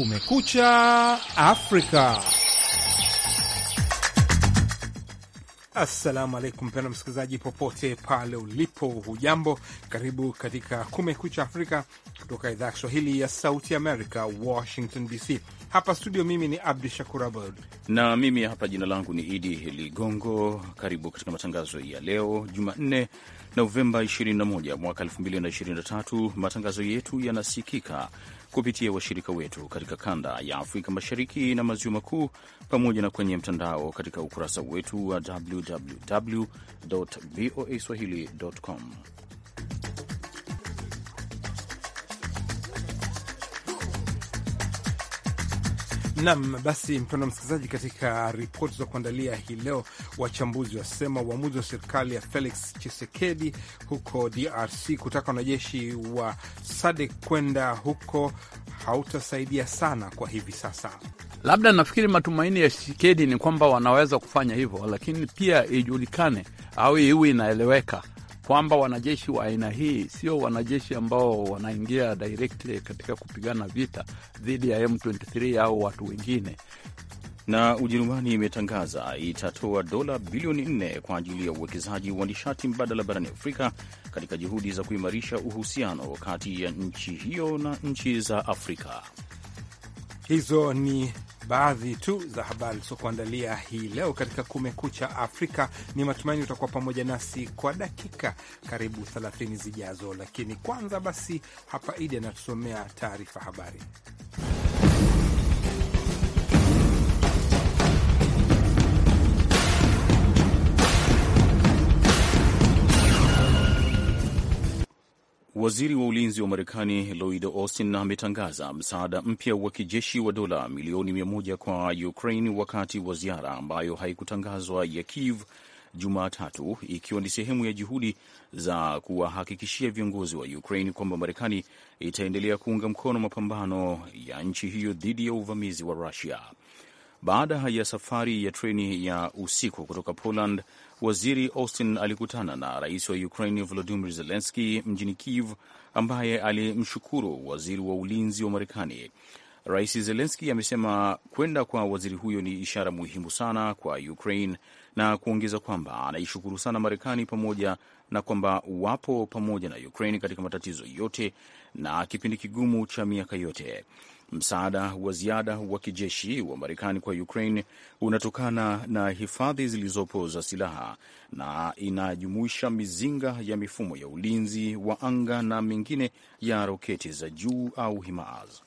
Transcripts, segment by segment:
Kumekucha Afrika. Assalamu alaikum, mpendwa msikilizaji, popote pale ulipo, hujambo? Karibu katika Kumekucha Afrika kutoka idhaa ya Kiswahili ya Sauti Amerika, Washington DC. Hapa studio, mimi ni Abdu Shakur Abud na mimi hapa jina langu ni Idi Ligongo. Karibu katika matangazo ya leo Jumanne, Novemba 21 mwaka 2023. Matangazo yetu yanasikika kupitia washirika wetu katika kanda ya Afrika Mashariki na Maziwa Makuu, pamoja na kwenye mtandao katika ukurasa wetu wa www voa swahili.com. Nam basi, mpendwa msikilizaji, katika ripoti za kuandalia hii leo, wachambuzi wasema uamuzi wa serikali ya Felix Chisekedi huko DRC kutaka wanajeshi wa SADC kwenda huko hautasaidia sana kwa hivi sasa. Labda nafikiri matumaini ya Chisekedi ni kwamba wanaweza kufanya hivyo, lakini pia ijulikane au iwe inaeleweka kwamba wanajeshi wa aina hii sio wanajeshi ambao wanaingia directly katika kupigana vita dhidi ya M23 au watu wengine. Na Ujerumani imetangaza itatoa dola bilioni 4 kwa ajili ya uwekezaji wa nishati mbadala barani Afrika katika juhudi za kuimarisha uhusiano kati ya nchi hiyo na nchi za Afrika. Hizo ni baadhi tu za habari tulizokuandalia hii leo katika Kumekucha Afrika. Ni matumaini utakuwa pamoja nasi kwa dakika karibu 30 zijazo, lakini kwanza basi hapa Idi anatusomea taarifa habari. Waziri wa ulinzi wa Marekani Lloyd Austin ametangaza msaada mpya wa kijeshi wa dola milioni mia moja kwa Ukraine wakati wa ziara ambayo haikutangazwa ya Kiev Jumatatu, ikiwa ni sehemu ya juhudi za kuwahakikishia viongozi wa Ukraine kwamba Marekani itaendelea kuunga mkono mapambano ya nchi hiyo dhidi ya uvamizi wa Rusia. Baada ya safari ya treni ya usiku kutoka Poland Waziri Austin alikutana na rais wa Ukraine Volodymyr Zelensky mjini Kiev, ambaye alimshukuru waziri wa ulinzi wa Marekani. Rais Zelenski amesema kwenda kwa waziri huyo ni ishara muhimu sana kwa Ukraine na kuongeza kwamba anaishukuru sana Marekani pamoja na kwamba wapo pamoja na Ukraine katika matatizo yote na kipindi kigumu cha miaka yote. Msaada wa ziada wa kijeshi wa Marekani kwa Ukraine unatokana na hifadhi zilizopo za silaha na inajumuisha mizinga ya mifumo ya ulinzi wa anga na mingine ya roketi za juu au HIMARS.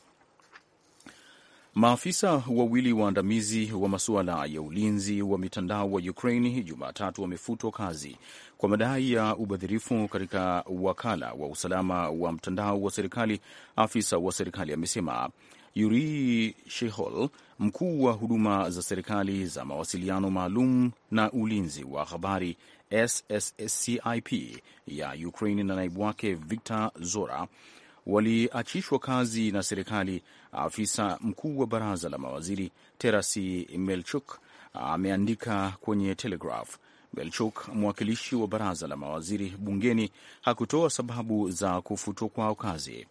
Maafisa wawili waandamizi wa, wa masuala ya ulinzi wa mitandao wa Ukraini Jumatatu wamefutwa kazi kwa madai ya ubadhirifu katika wakala wa usalama wa mtandao wa serikali, afisa wa serikali amesema. Yuri Shehol, mkuu wa huduma za serikali za mawasiliano maalum na ulinzi wa habari SSCIP ya Ukraine na naibu wake Victor Zora waliachishwa kazi na serikali. Afisa mkuu wa baraza la mawaziri Terasi Melchuk ameandika kwenye Telegraph. Melchuk, mwakilishi wa baraza la mawaziri bungeni, hakutoa sababu za kufutwa kwao kazi.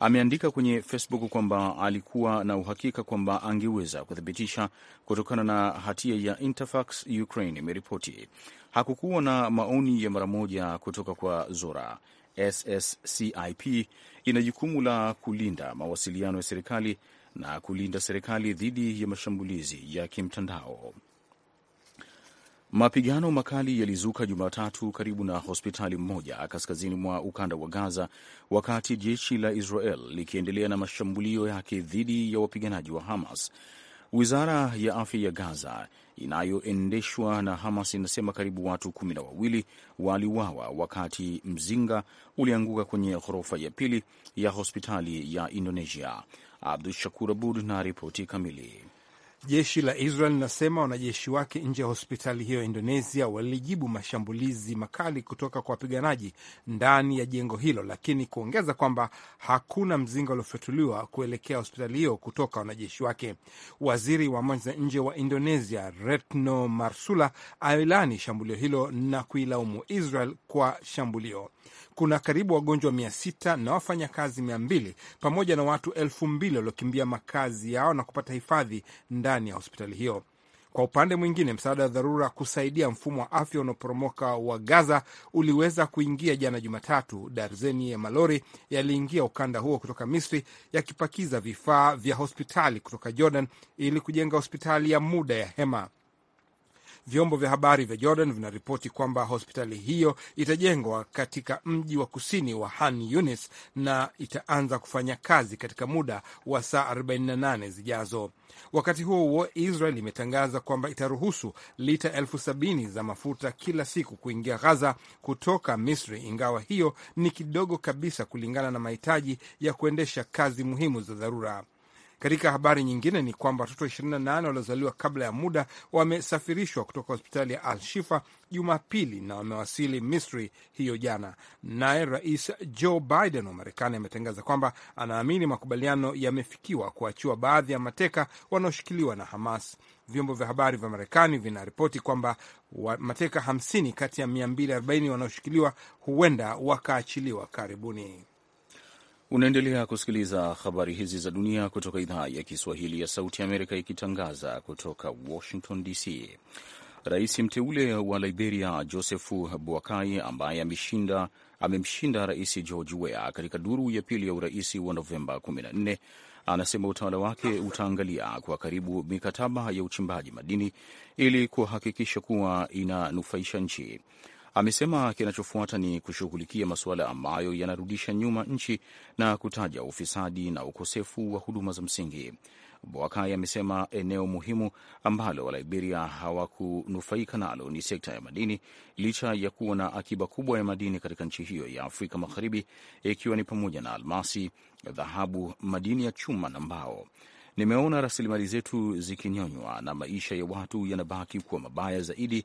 Ameandika kwenye Facebook kwamba alikuwa na uhakika kwamba angeweza kuthibitisha kutokana na hatia ya Interfax Ukraine imeripoti. Hakukuwa na maoni ya mara moja kutoka kwa Zora. SSCIP ina jukumu la kulinda mawasiliano ya serikali na kulinda serikali dhidi ya mashambulizi ya kimtandao. Mapigano makali yalizuka Jumatatu karibu na hospitali mmoja kaskazini mwa ukanda wa Gaza, wakati jeshi la Israel likiendelea na mashambulio yake dhidi ya wapiganaji wa Hamas. Wizara ya afya ya Gaza inayoendeshwa na Hamas inasema karibu watu kumi na wawili waliuawa wakati mzinga ulianguka kwenye ghorofa ya pili ya hospitali ya Indonesia. Abdu Shakur Abud na ripoti kamili. Jeshi la Israel linasema wanajeshi wake nje ya hospitali hiyo ya Indonesia walijibu mashambulizi makali kutoka kwa wapiganaji ndani ya jengo hilo, lakini kuongeza kwamba hakuna mzinga uliofyatuliwa kuelekea hospitali hiyo kutoka wanajeshi wake. Waziri wa mambo ya nje wa Indonesia Retno Marsula ailani shambulio hilo na kuilaumu Israel kwa shambulio. Kuna karibu wagonjwa mia sita na wafanyakazi mia mbili pamoja na watu elfu mbili waliokimbia makazi yao na kupata hifadhi ndani ya hospitali hiyo. Kwa upande mwingine, msaada wa dharura kusaidia mfumo wa afya unaoporomoka wa Gaza uliweza kuingia jana Jumatatu. Darzeni ya malori yaliingia ukanda huo kutoka Misri yakipakiza vifaa vya hospitali kutoka Jordan ili kujenga hospitali ya muda ya hema. Vyombo vya habari vya Jordan vinaripoti kwamba hospitali hiyo itajengwa katika mji wa kusini wa Han Yunis na itaanza kufanya kazi katika muda wa saa 48 zijazo. Wakati huo huo, Israel imetangaza kwamba itaruhusu lita elfu sabini za mafuta kila siku kuingia ghaza kutoka Misri, ingawa hiyo ni kidogo kabisa kulingana na mahitaji ya kuendesha kazi muhimu za dharura. Katika habari nyingine ni kwamba watoto 28 waliozaliwa kabla ya muda wamesafirishwa kutoka hospitali ya Al Shifa Jumapili na wamewasili Misri hiyo jana. Naye Rais Joe Biden wa Marekani ametangaza kwamba anaamini makubaliano yamefikiwa kuachiwa baadhi ya mateka wanaoshikiliwa na Hamas. Vyombo vya habari vya Marekani vinaripoti kwamba mateka 50 kati ya 240 wanaoshikiliwa huenda wakaachiliwa karibuni. Unaendelea kusikiliza habari hizi za dunia kutoka idhaa ya Kiswahili ya Sauti Amerika ikitangaza kutoka Washington DC. Rais mteule wa Liberia Josefu Boakai ambaye ameshinda amemshinda Rais George Weah katika duru ya pili ya urais wa Novemba 14 anasema utawala wake utaangalia kwa karibu mikataba ya uchimbaji madini ili kuhakikisha kuwa inanufaisha nchi. Amesema kinachofuata ni kushughulikia masuala ambayo yanarudisha nyuma nchi na kutaja ufisadi na ukosefu wa huduma za msingi. Boakai amesema eneo muhimu ambalo Waliberia hawakunufaika nalo ni sekta ya madini, licha ya kuwa na akiba kubwa ya madini katika nchi hiyo ya Afrika Magharibi, ikiwa ni pamoja na almasi, dhahabu, madini ya chuma na mbao. Nimeona rasilimali zetu zikinyonywa na maisha ya watu yanabaki kuwa mabaya zaidi,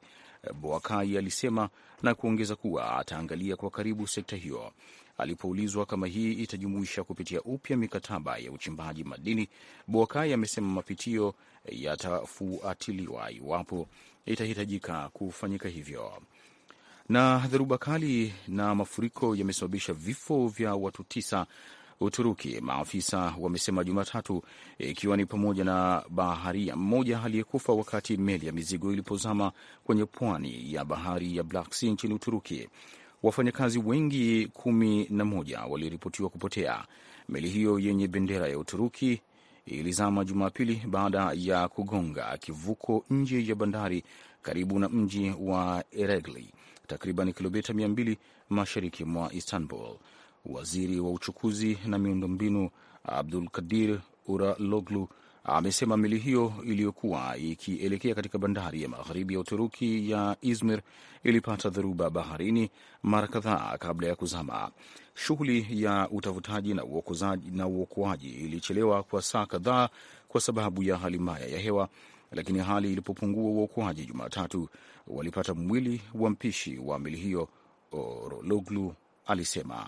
Boakai alisema na kuongeza kuwa ataangalia kwa karibu sekta hiyo. Alipoulizwa kama hii itajumuisha kupitia upya mikataba ya uchimbaji madini, Boakai amesema mapitio yatafuatiliwa iwapo itahitajika kufanyika hivyo. Na dharuba kali na mafuriko yamesababisha vifo vya watu tisa Uturuki, maafisa wamesema Jumatatu, ikiwa ni pamoja na baharia mmoja aliyekufa wakati meli ya mizigo ilipozama kwenye pwani ya bahari ya Black Sea nchini Uturuki. Wafanyakazi wengi kumi na moja waliripotiwa kupotea. Meli hiyo yenye bendera ya Uturuki ilizama Jumapili baada ya kugonga kivuko nje ya bandari karibu na mji wa Eregli, takriban kilomita 2 mashariki mwa Istanbul. Waziri wa uchukuzi na miundombinu Abdul Kadir Uraloglu amesema meli hiyo iliyokuwa ikielekea katika bandari ya magharibi ya Uturuki ya Izmir ilipata dhoruba baharini mara kadhaa kabla ya kuzama. Shughuli ya utafutaji na uokoaji na uokoaji ilichelewa kwa saa kadhaa kwa sababu ya hali mbaya ya hewa, lakini hali ilipopungua, uokoaji Jumatatu walipata mwili wa mpishi wa meli hiyo, Orologlu alisema.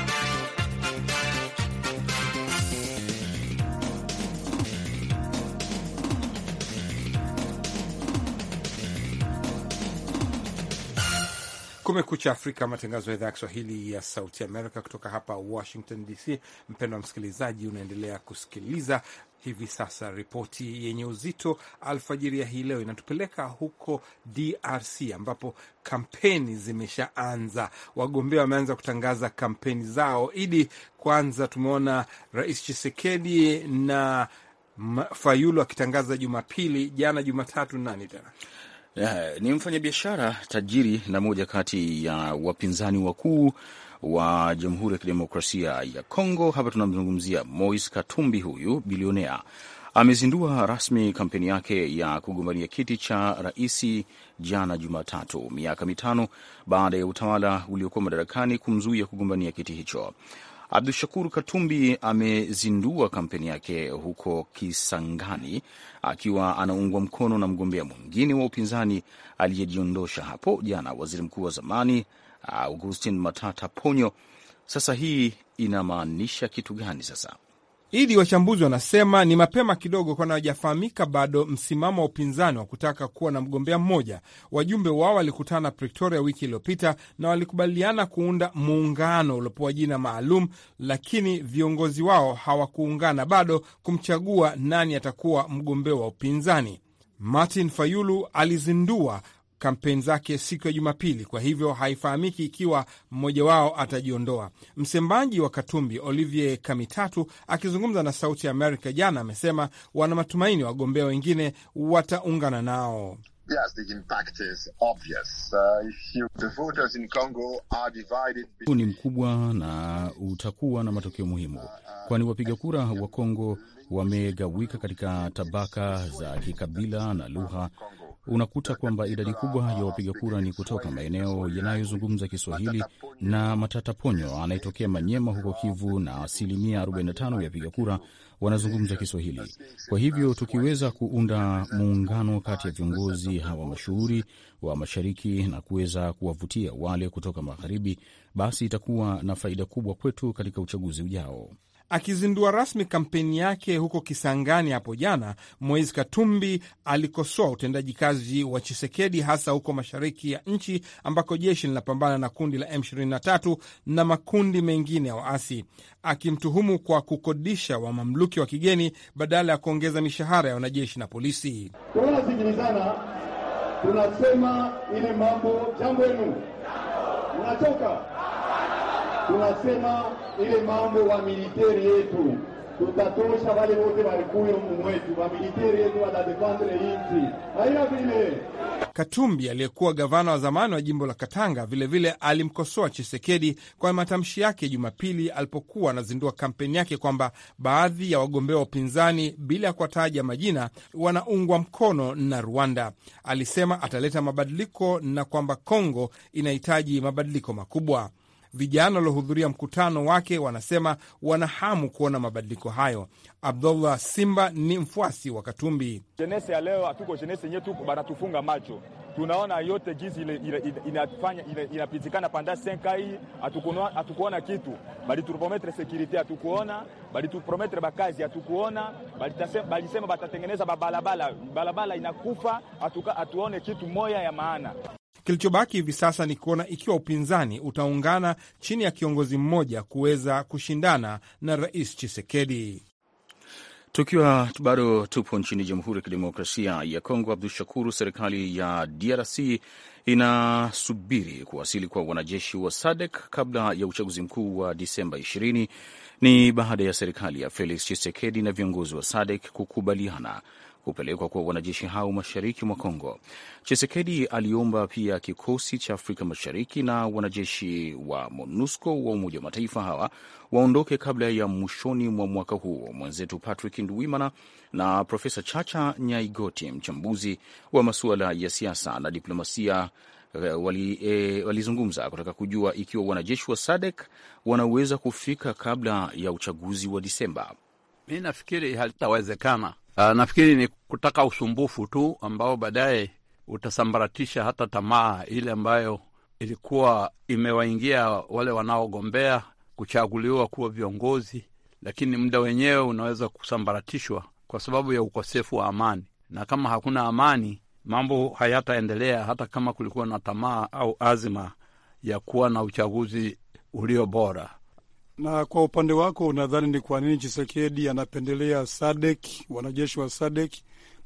Kumekucha Afrika, matangazo ya idhaa ya Kiswahili ya Sauti Amerika kutoka hapa Washington DC. Mpendwa msikilizaji, unaendelea kusikiliza hivi sasa ripoti yenye uzito alfajiri ya hii leo inatupeleka huko DRC ambapo kampeni zimeshaanza, wagombea wameanza kutangaza kampeni zao. Idi, kwanza tumeona Rais chisekedi na Fayulu akitangaza Jumapili, jana Jumatatu, nani tena ni mfanyabiashara tajiri na moja kati ya wapinzani wakuu wa Jamhuri ya Kidemokrasia ya Kongo. Hapa tunamzungumzia Moise Katumbi. Huyu bilionea amezindua rasmi kampeni yake ya kugombania kiti cha raisi jana Jumatatu, miaka mitano baada ya utawala uliokuwa madarakani kumzuia kugombania kiti hicho. Abdu Shakur Katumbi amezindua kampeni yake huko Kisangani akiwa anaungwa mkono na mgombea mwingine wa upinzani aliyejiondosha hapo jana, waziri mkuu wa zamani uh, Augustin Matata Ponyo. Sasa hii inamaanisha kitu gani? Sasa ili wachambuzi wanasema ni mapema kidogo, kwani hawajafahamika bado msimamo wa upinzani wa kutaka kuwa na mgombea mmoja. Wajumbe wao walikutana Pretoria wiki iliyopita na walikubaliana kuunda muungano uliopewa jina maalum, lakini viongozi wao hawakuungana bado kumchagua nani atakuwa mgombea wa upinzani. Martin Fayulu alizindua kampeni zake siku ya Jumapili, kwa hivyo haifahamiki ikiwa mmoja wao atajiondoa. Msemaji wa Katumbi Olivier Kamitatu akizungumza na Sauti ya Amerika jana amesema wana matumaini wagombea wengine wataungana nao. Huu ni mkubwa na utakuwa na matokeo muhimu, kwani wapiga kura wa Kongo wamegawika katika tabaka za kikabila na lugha, unakuta kwamba idadi kubwa ya wapiga kura ni kutoka maeneo yanayozungumza Kiswahili na Matata Ponyo anayetokea Manyema huko Kivu, na asilimia 45 ya wapiga kura wanazungumza Kiswahili. Kwa hivyo tukiweza kuunda muungano kati ya viongozi hawa mashuhuri wa mashariki na kuweza kuwavutia wale kutoka magharibi, basi itakuwa na faida kubwa kwetu katika uchaguzi ujao. Akizindua rasmi kampeni yake huko Kisangani hapo jana, Moise Katumbi alikosoa utendaji kazi wa Chisekedi, hasa huko mashariki ya nchi ambako jeshi linapambana na kundi la M23 na makundi mengine ya waasi, akimtuhumu kwa kukodisha wa mamluki wa kigeni badala ya kuongeza mishahara ya wanajeshi na polisi. Tunasikilizana, tunasema ile mambo, jambo yenu, mnatoka, tunasema ile mambo wa militeri yetu tutatosha wale wote walikuyo mumwetu, wa militeri yetu watadefendre inchi haina vile. Katumbi aliyekuwa gavana wa zamani wa jimbo la Katanga vilevile vile alimkosoa Chisekedi kwa matamshi yake Jumapili alipokuwa anazindua kampeni yake kwamba baadhi ya wagombea wa upinzani bila ya kuwataja majina wanaungwa mkono na Rwanda. Alisema ataleta mabadiliko na kwamba Kongo inahitaji mabadiliko makubwa. Vijana waliohudhuria mkutano wake wanasema wana hamu kuona mabadiliko hayo. Abdullah Simba ni mfuasi wa Katumbi. Jenese ya leo hatuko jenese yenyewe tu banatufunga macho, tunaona yote jinsi inafanya inapitikana panda senkai, hatukuona kitu balituprometre sekurite, hatukuona balituprometre bakazi, hatukuona balisema batatengeneza babalabala, balabala inakufa, hatuone kitu moya ya maana. Kilichobaki hivi sasa ni kuona ikiwa upinzani utaungana chini ya kiongozi mmoja kuweza kushindana na Rais Chisekedi. Tukiwa bado tupo nchini Jamhuri ya Kidemokrasia ya Kongo, Abdu Shakuru, serikali ya DRC inasubiri kuwasili kwa wanajeshi wa SADC kabla ya uchaguzi mkuu wa Disemba 20. Ni baada ya serikali ya Felix chisekedi na viongozi wa SADC kukubaliana kupelekwa kwa wanajeshi hao mashariki mwa Kongo. Chisekedi aliomba pia kikosi cha Afrika Mashariki na wanajeshi wa MONUSCO wa Umoja wa Mataifa hawa waondoke kabla ya mwishoni mwa mwaka huo. Mwenzetu Patrick ndwimana na Profesa Chacha Nyaigoti, mchambuzi wa masuala ya siasa na diplomasia eh, eh, walizungumza e, wali kutaka kujua ikiwa wanajeshi wa SADC wanaweza kufika kabla ya uchaguzi wa Disemba. Mi nafikiri halitawezekana nafkiri ah, nafikiri ni kutaka usumbufu tu ambao baadaye utasambaratisha hata tamaa ile ambayo ilikuwa imewaingia wale wanaogombea kuchaguliwa kuwa viongozi, lakini muda wenyewe unaweza kusambaratishwa kwa sababu ya ukosefu wa amani, na kama hakuna amani mambo hayataendelea hata kama kulikuwa na tamaa au azima ya kuwa na uchaguzi ulio bora. Na kwa upande wako unadhani ni kwa nini Chisekedi anapendelea Sadek, wanajeshi wa Sadek,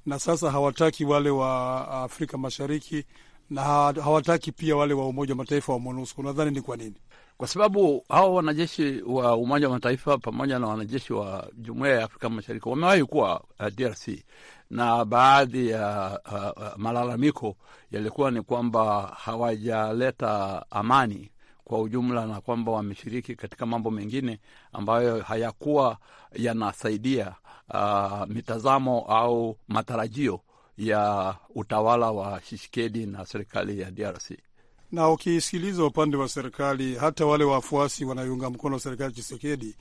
na sasa hawataki wale wa Afrika Mashariki na hawataki pia wale wa Umoja wa Mataifa wa MONUSCO? Unadhani ni kwa nini? Kwa sababu hawa wanajeshi wa Umoja wa Mataifa pamoja na wanajeshi wa Jumuiya ya Afrika Mashariki wamewahi kuwa uh, DRC na baadhi ya uh, uh, malalamiko yalikuwa ni kwamba hawajaleta amani kwa ujumla, na kwamba wameshiriki katika mambo mengine ambayo hayakuwa yanasaidia uh, mitazamo au matarajio ya utawala wa Shishikedi na serikali ya DRC. Na ukisikiliza upande wa serikali, hata wale wafuasi wanayounga mkono serikali chisekedi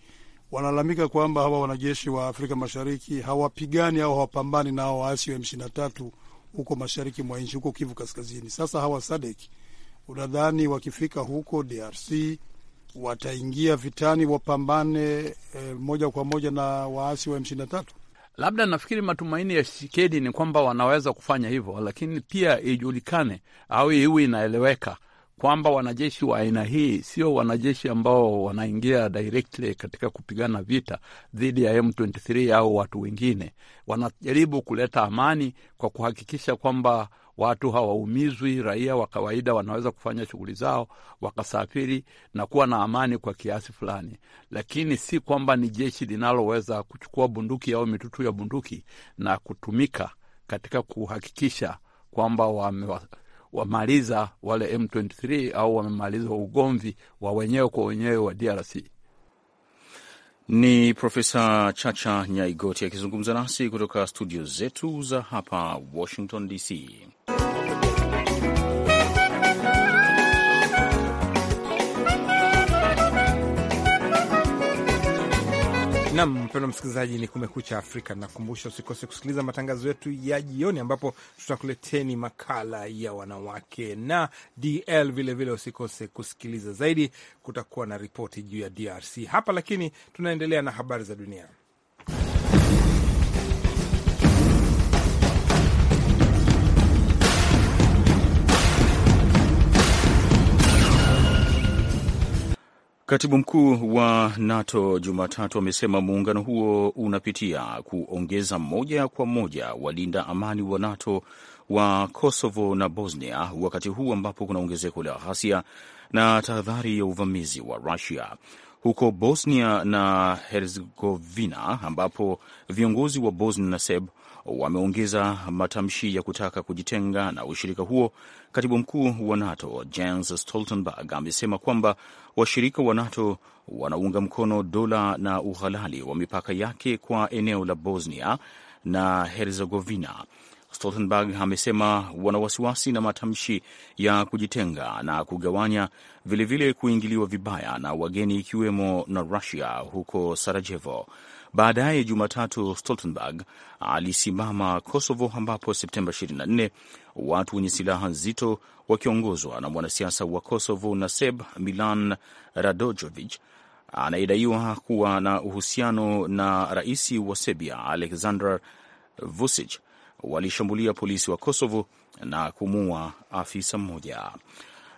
wanalalamika kwamba hawa wanajeshi wa Afrika Mashariki hawapigani au hawapambani nao waasi wa M23 huko mashariki mwa nchi, huko Kivu Kaskazini. Sasa hawa Sadek Unadhani wakifika huko DRC wataingia vitani wapambane e, moja kwa moja na waasi wa M23? Labda nafikiri matumaini ya Shikedi ni kwamba wanaweza kufanya hivyo, lakini pia ijulikane au iwe inaeleweka kwamba wanajeshi wa aina hii sio wanajeshi ambao wanaingia directly katika kupigana vita dhidi ya M23 au watu wengine. Wanajaribu kuleta amani kwa kuhakikisha kwamba watu hawaumizwi, raia wa kawaida wanaweza kufanya shughuli zao, wakasafiri na kuwa na amani kwa kiasi fulani, lakini si kwamba ni jeshi linaloweza kuchukua bunduki au mitutu ya bunduki na kutumika katika kuhakikisha kwamba wame wamaliza wale M23 au wamemaliza ugomvi wa wenyewe kwa wenyewe wa DRC. Ni Profesa Chacha Nyaigoti akizungumza nasi kutoka studio zetu za hapa Washington DC. Nam mpendo msikilizaji, ni Kumekucha Afrika. Nakumbusha usikose kusikiliza matangazo yetu ya jioni, ambapo tutakuleteni makala ya wanawake na DL. Vilevile usikose kusikiliza zaidi, kutakuwa na ripoti juu ya DRC hapa, lakini tunaendelea na habari za dunia. Katibu mkuu wa NATO Jumatatu amesema muungano huo unapitia kuongeza moja kwa moja walinda amani wa NATO wa Kosovo na Bosnia, wakati huu ambapo kuna ongezeko la ghasia na tahadhari ya uvamizi wa Rusia huko Bosnia na Herzegovina, ambapo viongozi wa Bosnia na Serb wameongeza matamshi ya kutaka kujitenga na ushirika huo. Katibu mkuu wa NATO Jens Stoltenberg amesema kwamba Washirika wa NATO wanaunga mkono dola na uhalali wa mipaka yake kwa eneo la Bosnia na Herzegovina. Stoltenberg amesema wana wasiwasi na matamshi ya kujitenga na kugawanya, vilevile kuingiliwa vibaya na wageni ikiwemo na Rusia huko Sarajevo. Baadaye Jumatatu, Stoltenberg alisimama Kosovo, ambapo Septemba 24 watu wenye silaha nzito wakiongozwa na mwanasiasa wa Kosovo Naseb Milan Radojevic anayedaiwa kuwa na uhusiano na rais wa Serbia Aleksandar Vucic walishambulia polisi wa Kosovo na kumua afisa mmoja.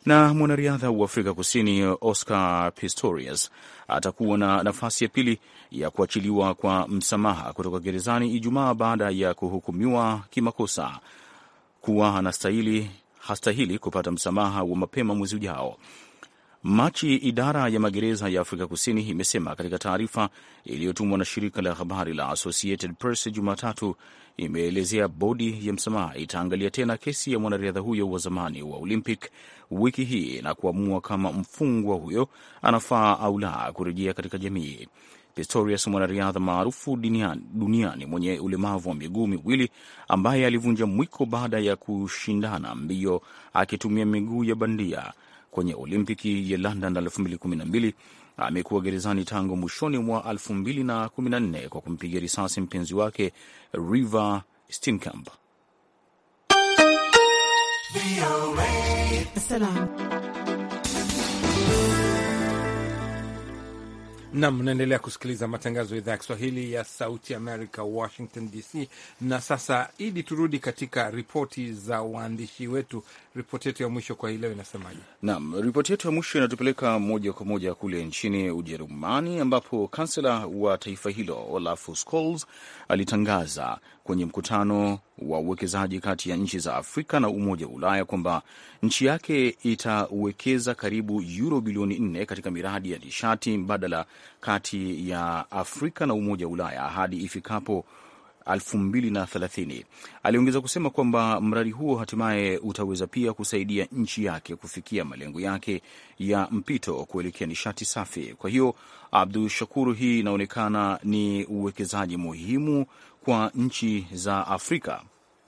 Na mwanariadha wa Afrika Kusini Oscar Pistorius atakuwa na nafasi ya pili ya kuachiliwa kwa msamaha kutoka gerezani Ijumaa baada ya kuhukumiwa kimakosa kuwa anastahili hastahili kupata msamaha wa mapema mwezi ujao. Machi, idara ya magereza ya Afrika Kusini imesema katika taarifa iliyotumwa na shirika la habari la Associated Press Jumatatu, imeelezea bodi ya msamaha itaangalia tena kesi ya mwanariadha huyo wa zamani wa Olympic wiki hii na kuamua kama mfungwa huyo anafaa au la kurejea katika jamii. Pistorius, mwanariadha maarufu duniani mwenye ulemavu wa miguu miwili ambaye alivunja mwiko baada ya kushindana mbio akitumia miguu ya bandia kwenye Olimpiki ya London 2012 amekuwa gerezani tangu mwishoni mwa 2014 kwa kumpiga risasi mpenzi wake Reeva Steenkamp. Nam, mnaendelea kusikiliza matangazo ya idhaa ya Kiswahili ya Sauti Amerika, Washington DC. Na sasa Idi, turudi katika ripoti za waandishi wetu Ripoti yetu ya mwisho kwa hii leo inasemaje? Naam, ripoti yetu ya mwisho inatupeleka moja kwa moja kule nchini Ujerumani, ambapo kansela wa taifa hilo Olaf Scholz alitangaza kwenye mkutano wa uwekezaji kati ya nchi za Afrika na Umoja wa Ulaya kwamba nchi yake itawekeza karibu yuro bilioni nne katika miradi ya nishati mbadala kati ya Afrika na Umoja wa Ulaya hadi ifikapo 2030. Aliongeza kusema kwamba mradi huo hatimaye utaweza pia kusaidia nchi yake kufikia malengo yake ya mpito kuelekea nishati safi. Kwa hiyo, abdu Shakuru, hii inaonekana ni uwekezaji muhimu kwa nchi za Afrika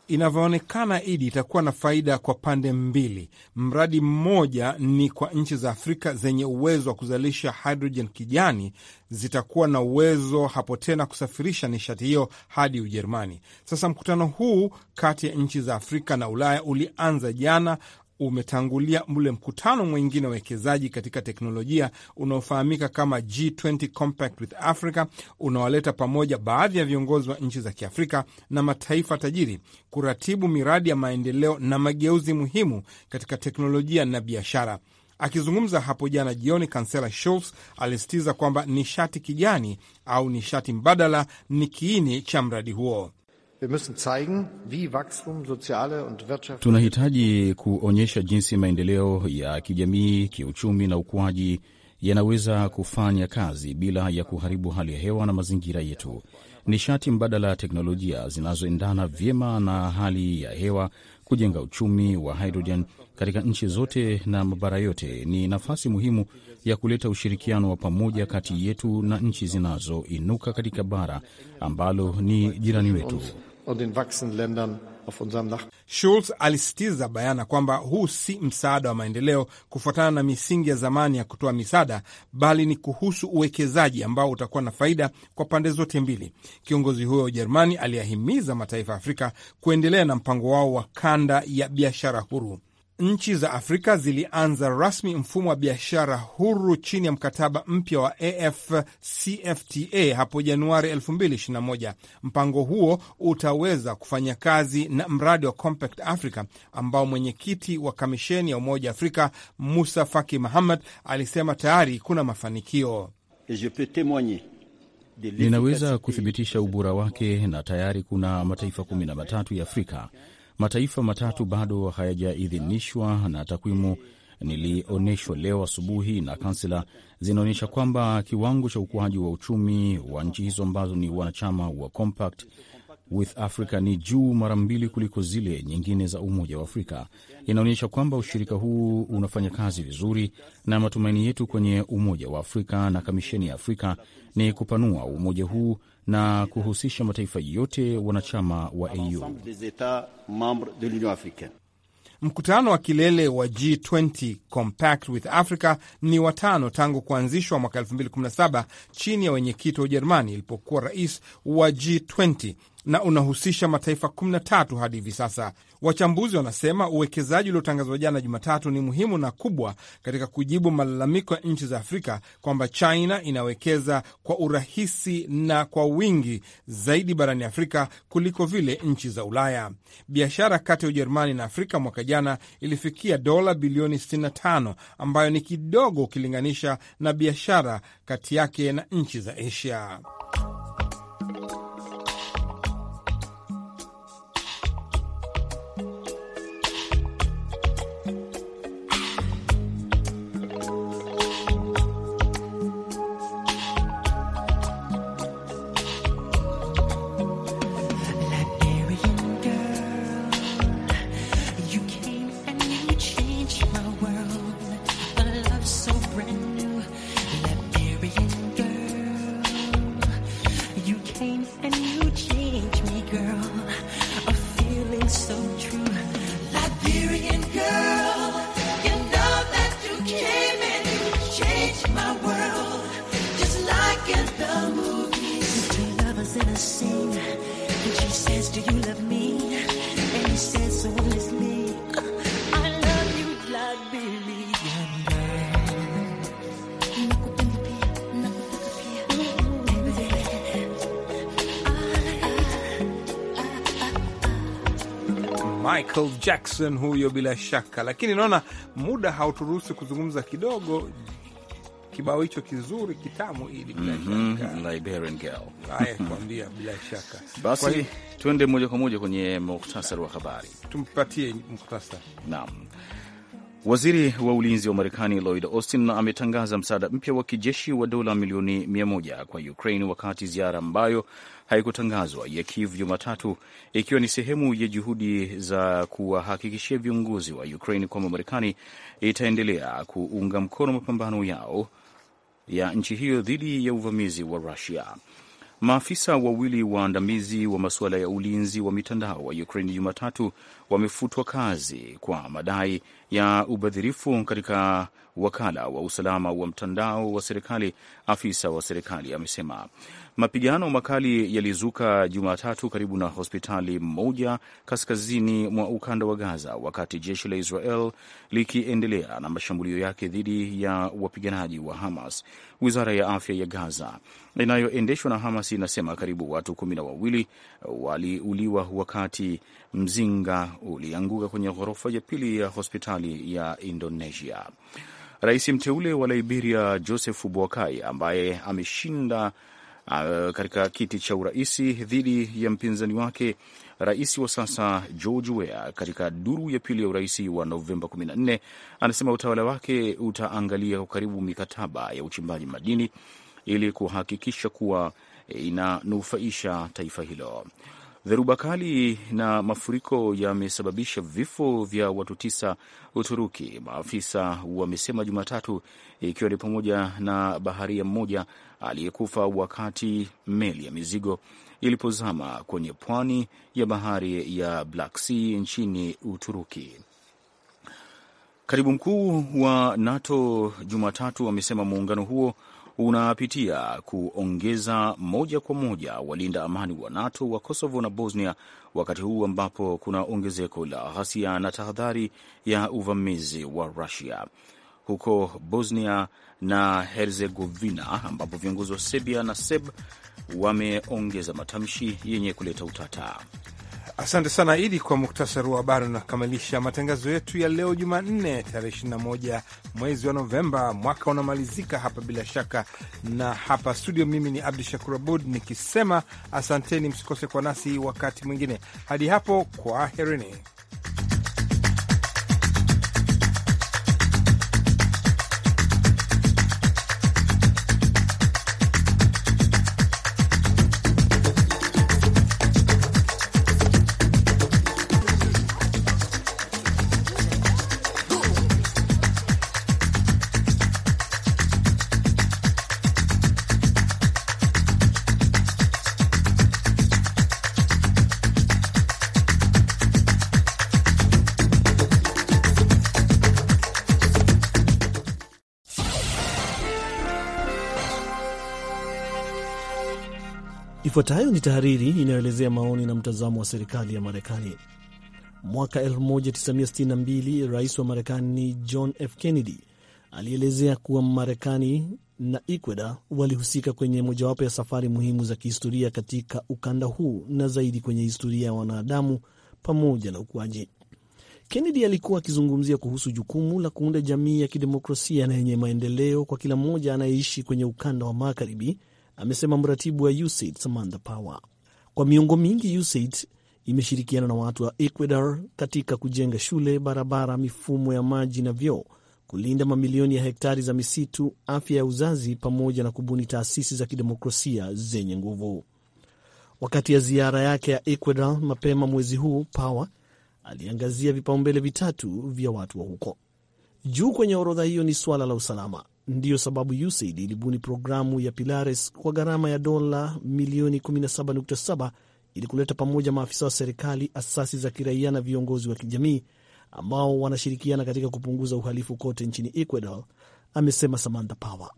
Inavyoonekana Idi itakuwa na faida kwa pande mbili. Mradi mmoja ni kwa nchi za Afrika zenye uwezo wa kuzalisha hidrojen kijani, zitakuwa na uwezo hapo tena kusafirisha nishati hiyo hadi Ujerumani. Sasa mkutano huu kati ya nchi za Afrika na Ulaya ulianza jana umetangulia mle mkutano mwingine wa wekezaji katika teknolojia unaofahamika kama G20 Compact with Africa unaowaleta pamoja baadhi ya viongozi wa nchi za Kiafrika na mataifa tajiri kuratibu miradi ya maendeleo na mageuzi muhimu katika teknolojia na biashara. Akizungumza hapo jana jioni, kansela Scholz alisitiza kwamba nishati kijani au nishati mbadala ni kiini cha mradi huo. Tunahitaji kuonyesha jinsi maendeleo ya kijamii, kiuchumi na ukuaji yanaweza kufanya kazi bila ya kuharibu hali ya hewa na mazingira yetu. Nishati mbadala, teknolojia zinazoendana vyema na hali ya hewa, kujenga uchumi wa hidrojeni katika nchi zote na mabara yote, ni nafasi muhimu ya kuleta ushirikiano wa pamoja kati yetu na nchi zinazoinuka katika bara ambalo ni jirani wetu und den wachsenden Ländern auf unserem Nachbarn. Schulz alisitiza bayana kwamba huu si msaada wa maendeleo kufuatana na misingi ya zamani ya kutoa misaada, bali ni kuhusu uwekezaji ambao utakuwa na faida kwa pande zote mbili. Kiongozi huyo wa Ujerumani aliyahimiza mataifa ya Afrika kuendelea na mpango wao wa kanda ya biashara huru nchi za Afrika zilianza rasmi mfumo wa biashara huru chini ya mkataba mpya wa AfCFTA hapo Januari 2021. Mpango huo utaweza kufanya kazi na mradi wa Compact Africa ambao mwenyekiti wa kamisheni ya Umoja wa Afrika Musa Faki Muhammad alisema tayari kuna mafanikio. Ninaweza kuthibitisha ubora wake na tayari kuna mataifa kumi na matatu ya Afrika Mataifa matatu bado hayajaidhinishwa na takwimu nilionyeshwa leo asubuhi na kansela zinaonyesha kwamba kiwango cha ukuaji wa uchumi wa nchi hizo ambazo ni wanachama wa Compact with Africa ni juu mara mbili kuliko zile nyingine za Umoja wa Afrika. Inaonyesha kwamba ushirika huu unafanya kazi vizuri, na matumaini yetu kwenye Umoja wa Afrika na Kamisheni ya Afrika ni kupanua umoja huu na kuhusisha mataifa yote wanachama wa AU. Mkutano wa kilele wa G20 Compact with Africa ni watano tangu kuanzishwa mwaka 2017 chini ya wenyekiti wa Ujerumani ilipokuwa rais wa G20 na unahusisha mataifa 13 hadi hivi sasa. Wachambuzi wanasema uwekezaji uliotangazwa jana Jumatatu ni muhimu na kubwa katika kujibu malalamiko ya nchi za Afrika kwamba China inawekeza kwa urahisi na kwa wingi zaidi barani Afrika kuliko vile nchi za Ulaya. Biashara kati ya Ujerumani na Afrika mwaka jana ilifikia dola bilioni 65 ambayo ni kidogo ukilinganisha na biashara kati yake na nchi za Asia. Michael Jackson huyo bila shaka, lakini naona muda hauturuhusi kuzungumza kidogo kibao hicho kizuri kitamu, ili bila mm -hmm. shaka Liberian Girl haya kuambia bila shaka. Basi tuende moja kwa moja kwenye muktasari wa habari, tumpatie muktasari. Naam. Waziri wa ulinzi wa Marekani Lloyd Austin ametangaza msaada mpya wa kijeshi wa dola milioni 100 kwa Ukraine wakati ziara ambayo haikutangazwa ya Kiev Jumatatu, ikiwa ni sehemu ya juhudi za kuwahakikishia viongozi wa Ukraine kwamba Marekani itaendelea kuunga mkono mapambano yao ya nchi hiyo dhidi ya uvamizi wa Rusia. Maafisa wawili waandamizi wa, wa masuala ya ulinzi wa mitandao wa Ukraini Jumatatu wamefutwa kazi kwa madai ya ubadhirifu katika wakala wa usalama wa mtandao wa serikali, afisa wa serikali amesema. Mapigano makali yalizuka Jumatatu karibu na hospitali moja kaskazini mwa ukanda wa Gaza, wakati jeshi la Israel likiendelea na mashambulio yake dhidi ya wapiganaji wa Hamas. Wizara ya afya ya Gaza inayoendeshwa na Hamas inasema karibu watu kumi na wawili waliuliwa wakati mzinga ulianguka kwenye ghorofa ya pili ya hospitali ya Indonesia. Rais mteule wa Liberia Joseph Boakai ambaye ameshinda uh, katika kiti cha uraisi dhidi ya mpinzani wake rais wa sasa George Weah katika duru ya pili ya urais wa Novemba 14. Anasema utawala wake utaangalia kwa karibu mikataba ya uchimbaji madini ili kuhakikisha kuwa inanufaisha taifa hilo. Dhoruba kali na mafuriko yamesababisha vifo vya watu tisa Uturuki, maafisa wamesema Jumatatu, ikiwa ni pamoja na baharia mmoja aliyekufa wakati meli ya mizigo ilipozama kwenye pwani ya bahari ya Black Sea nchini Uturuki. Katibu mkuu wa NATO Jumatatu amesema muungano huo unapitia kuongeza moja kwa moja walinda amani wa NATO wa Kosovo na Bosnia, wakati huu ambapo kuna ongezeko la ghasia na tahadhari ya uvamizi wa Rusia huko Bosnia na Herzegovina, ambapo viongozi wa Serbia na Serb wameongeza matamshi yenye kuleta utata. Asante sana Idi kwa muktasari wa habari. Unakamilisha matangazo yetu ya leo Jumanne, tarehe 21 mwezi wa Novemba, mwaka unamalizika hapa bila shaka, na hapa studio, mimi ni Abdu Shakur Abud nikisema asanteni, msikose kwa nasi wakati mwingine. Hadi hapo, kwa herini. Ifuatayo ni tahariri inayoelezea maoni na mtazamo wa serikali ya Marekani. Mwaka 1962 rais wa Marekani John F. Kennedy alielezea kuwa Marekani na Ecuador walihusika kwenye mojawapo ya safari muhimu za kihistoria katika ukanda huu na zaidi kwenye historia ya wanadamu pamoja na ukuaji. Kennedy alikuwa akizungumzia kuhusu jukumu la kuunda jamii ya kidemokrasia na yenye maendeleo kwa kila mmoja anayeishi kwenye ukanda wa magharibi amesema mratibu wa USAID Samantha Power. Kwa miongo mingi USAID imeshirikiana na watu wa Ecuador katika kujenga shule, barabara, mifumo ya maji na vyoo, kulinda mamilioni ya hektari za misitu, afya ya uzazi, pamoja na kubuni taasisi za kidemokrasia zenye nguvu. Wakati ya ziara yake ya Ecuador mapema mwezi huu, Power aliangazia vipaumbele vitatu vya watu wa huko. Juu kwenye orodha hiyo ni suala la usalama, Ndiyo sababu USAID ilibuni programu ya Pilares kwa gharama ya dola milioni 17.7 ili kuleta pamoja maafisa wa serikali, asasi za kiraia na viongozi wa kijamii ambao wanashirikiana katika kupunguza uhalifu kote nchini Ecuador, amesema Samantha Power.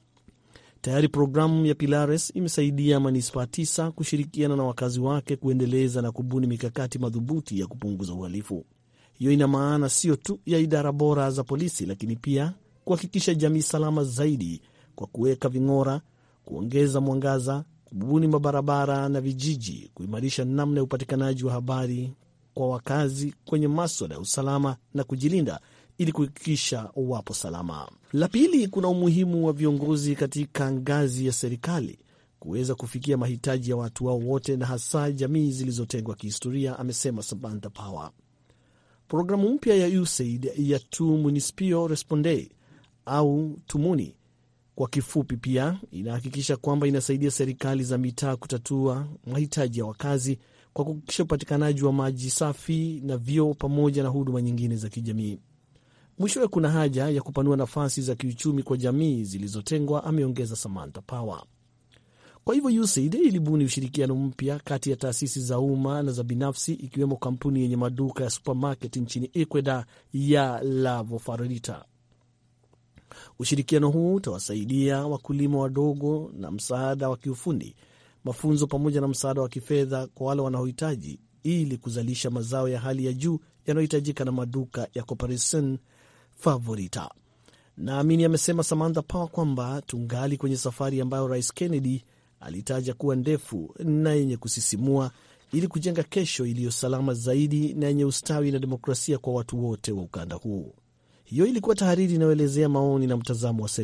Tayari programu ya Pilares imesaidia manispaa tisa kushirikiana na wakazi wake kuendeleza na kubuni mikakati madhubuti ya kupunguza uhalifu. Hiyo ina maana sio tu ya idara bora za polisi, lakini pia kuhakikisha jamii salama zaidi kwa kuweka ving'ora, kuongeza mwangaza, kubuni mabarabara na vijiji, kuimarisha namna ya upatikanaji wa habari kwa wakazi kwenye maswala ya usalama na kujilinda ili kuhakikisha wapo salama. La pili, kuna umuhimu wa viongozi katika ngazi ya serikali kuweza kufikia mahitaji ya watu wao wote na hasa jamii zilizotengwa kihistoria, amesema Samantha Power. Programu mpya ya USAID ya Tu Responde au TUMUNI kwa kifupi, pia inahakikisha kwamba inasaidia serikali za mitaa kutatua mahitaji ya wakazi kwa kuhakikisha upatikanaji wa maji safi na vyoo pamoja na huduma nyingine za kijamii. Mwishowe, kuna haja ya kupanua nafasi za kiuchumi kwa jamii zilizotengwa, ameongeza Samantha Power. Kwa hivyo USAID ilibuni ushirikiano mpya kati ya taasisi za umma na za binafsi, ikiwemo kampuni yenye maduka ya supermarket nchini Ecuador ya La Ushirikiano huu utawasaidia wakulima wadogo na msaada wa kiufundi, mafunzo pamoja na msaada wa kifedha kwa wale wanaohitaji ili kuzalisha mazao ya hali ya juu yanayohitajika na maduka ya Corporation Favorita. Naamini amesema Samantha Power kwamba tungali kwenye safari ambayo Rais Kennedy alitaja kuwa ndefu na yenye kusisimua ili kujenga kesho iliyo salama zaidi na yenye ustawi na demokrasia kwa watu wote wa ukanda huu. Hiyo ilikuwa tahariri inayoelezea maoni na mtazamo wa